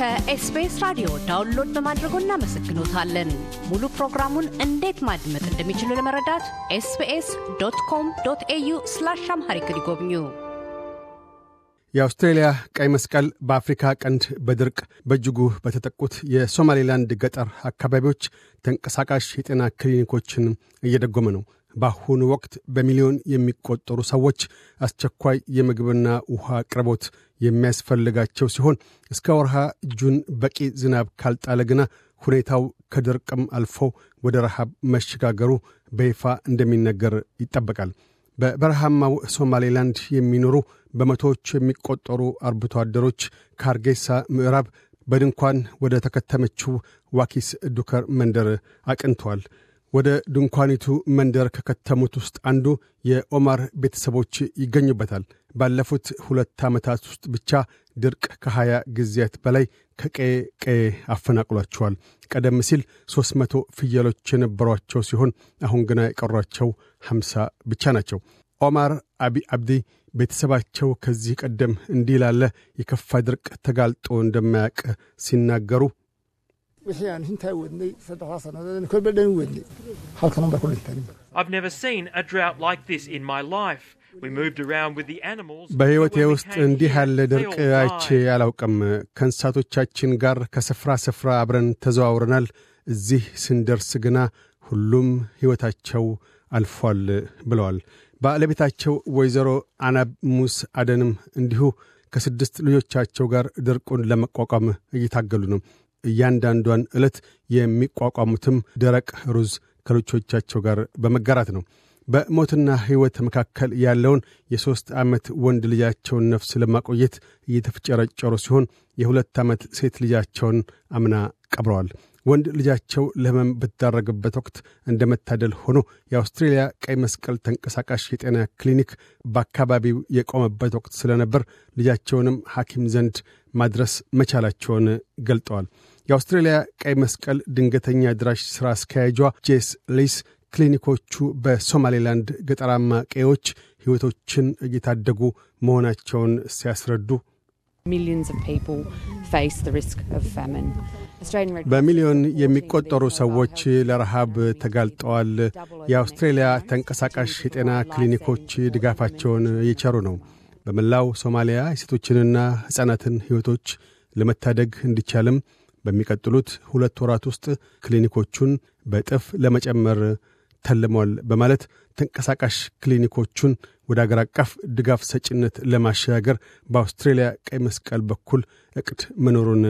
ከኤስቢኤስ ራዲዮ ዳውንሎድ በማድረጎ እናመሰግኖታለን። ሙሉ ፕሮግራሙን እንዴት ማድመጥ እንደሚችሉ ለመረዳት ኤስቢኤስ ዶት ኮም ዶት ኤዩ ስላሽ አምሃሪክ ይጎብኙ። የአውስትሬልያ ቀይ መስቀል በአፍሪካ ቀንድ በድርቅ በእጅጉ በተጠቁት የሶማሌላንድ ገጠር አካባቢዎች ተንቀሳቃሽ የጤና ክሊኒኮችን እየደጎመ ነው። በአሁኑ ወቅት በሚሊዮን የሚቆጠሩ ሰዎች አስቸኳይ የምግብና ውሃ አቅርቦት የሚያስፈልጋቸው ሲሆን እስከ ወርሃ ጁን በቂ ዝናብ ካልጣለ ግና ሁኔታው ከድርቅም አልፎ ወደ ረሃብ መሸጋገሩ በይፋ እንደሚነገር ይጠበቃል። በበረሃማው ሶማሌላንድ የሚኖሩ በመቶዎች የሚቆጠሩ አርብቶ አደሮች ካርጌሳ ምዕራብ በድንኳን ወደ ተከተመችው ዋኪስ ዱከር መንደር አቅንተዋል። ወደ ድንኳኒቱ መንደር ከከተሙት ውስጥ አንዱ የኦማር ቤተሰቦች ይገኙበታል። ባለፉት ሁለት ዓመታት ውስጥ ብቻ ድርቅ ከሀያ ጊዜያት በላይ ከቀየ ቀየ አፈናቅሏቸዋል። ቀደም ሲል ሦስት መቶ ፍየሎች የነበሯቸው ሲሆን አሁን ግና የቀሯቸው ሀምሳ ብቻ ናቸው። ኦማር አቢ አብዲ ቤተሰባቸው ከዚህ ቀደም እንዲህ ላለ የከፋ ድርቅ ተጋልጦ እንደማያቅ ሲናገሩ wixii aan hintaa wadnay saddexdaa sannadood dhan wadnay halkanun ku በሕይወቴ ውስጥ እንዲህ ያለ ድርቅ አይቼ አላውቅም። ከእንስሳቶቻችን ጋር ከስፍራ ስፍራ አብረን ተዘዋውረናል። እዚህ ስንደርስ ግና ሁሉም ሕይወታቸው አልፏል ብለዋል። ባለቤታቸው ወይዘሮ አናብ ሙስ አደንም እንዲሁ ከስድስት ልጆቻቸው ጋር ድርቁን ለመቋቋም እየታገሉ ነው። እያንዳንዷን ዕለት የሚቋቋሙትም ደረቅ ሩዝ ከልጆቻቸው ጋር በመጋራት ነው። በሞትና ሕይወት መካከል ያለውን የሦስት ዓመት ወንድ ልጃቸውን ነፍስ ለማቆየት እየተፍጨረጨሩ ሲሆን የሁለት ዓመት ሴት ልጃቸውን አምና ቀብረዋል። ወንድ ልጃቸው ለህመም በተዳረገበት ወቅት እንደ መታደል ሆኖ የአውስትሬልያ ቀይ መስቀል ተንቀሳቃሽ የጤና ክሊኒክ በአካባቢው የቆመበት ወቅት ስለነበር ልጃቸውንም ሐኪም ዘንድ ማድረስ መቻላቸውን ገልጠዋል። የአውስትሬልያ ቀይ መስቀል ድንገተኛ ድራሽ ሥራ አስኪያጇ ጄስ ሊስ ክሊኒኮቹ በሶማሌላንድ ገጠራማ ቀዮች ሕይወቶችን እየታደጉ መሆናቸውን ሲያስረዱ በሚሊዮን የሚቆጠሩ ሰዎች ለረሃብ ተጋልጠዋል። የአውስትሬልያ ተንቀሳቃሽ የጤና ክሊኒኮች ድጋፋቸውን እየቸሩ ነው። በመላው ሶማሊያ የሴቶችንና ሕፃናትን ሕይወቶች ለመታደግ እንዲቻልም በሚቀጥሉት ሁለት ወራት ውስጥ ክሊኒኮቹን በጥፍ ለመጨመር ተልመዋል በማለት ተንቀሳቃሽ ክሊኒኮቹን ወደ አገር አቀፍ ድጋፍ ሰጭነት ለማሸጋገር በአውስትሬልያ ቀይ መስቀል በኩል እቅድ መኖሩን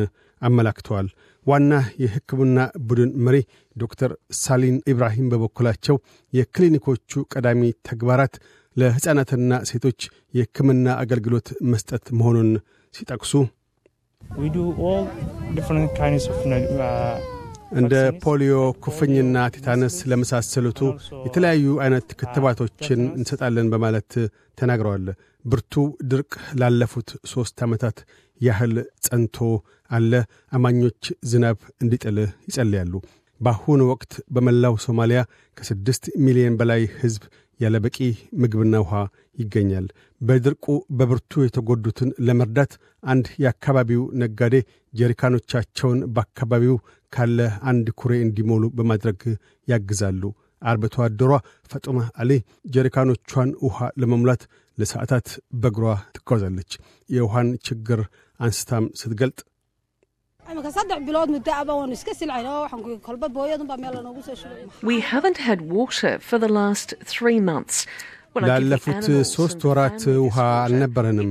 አመላክተዋል። ዋና የህክምና ቡድን መሪ ዶክተር ሳሊን ኢብራሂም በበኩላቸው የክሊኒኮቹ ቀዳሚ ተግባራት ለሕፃናትና ሴቶች የህክምና አገልግሎት መስጠት መሆኑን ሲጠቅሱ Uh, እንደ ፖሊዮ፣ ኩፍኝና ቲታነስ ለመሳሰሉቱ የተለያዩ አይነት uh, ክትባቶችን እንሰጣለን በማለት ተናግረዋል። ብርቱ ድርቅ ላለፉት ሦስት ዓመታት ያህል ጸንቶ አለ። አማኞች ዝናብ እንዲጥል ይጸልያሉ። በአሁኑ ወቅት በመላው ሶማሊያ ከስድስት ሚሊዮን በላይ ሕዝብ ያለ በቂ ምግብና ውሃ ይገኛል። በድርቁ በብርቱ የተጎዱትን ለመርዳት አንድ የአካባቢው ነጋዴ ጀሪካኖቻቸውን በአካባቢው ካለ አንድ ኩሬ እንዲሞሉ በማድረግ ያግዛሉ። አርብቶ አደሯ ፈጡማ አሊ ጀሪካኖቿን ውሃ ለመሙላት ለሰዓታት በእግሯ ትጓዛለች። የውሃን ችግር አንስታም ስትገልጥ We haven't had water for the last three months. ላለፉት ሦስት ወራት ውሃ አልነበረንም።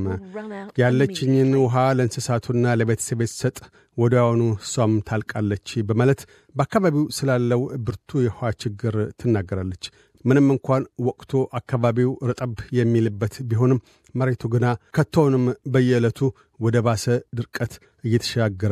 ያለችኝን ውሃ ለእንስሳቱና ለቤተሰቤ ስሰጥ ወዲያውኑ እሷም ታልቃለች በማለት በአካባቢው ስላለው ብርቱ የውሃ ችግር ትናገራለች። ምንም እንኳን ወቅቱ አካባቢው ርጠብ የሚልበት ቢሆንም መሬቱ ግና ከቶውንም በየዕለቱ ወደ ባሰ ድርቀት እየተሻገረ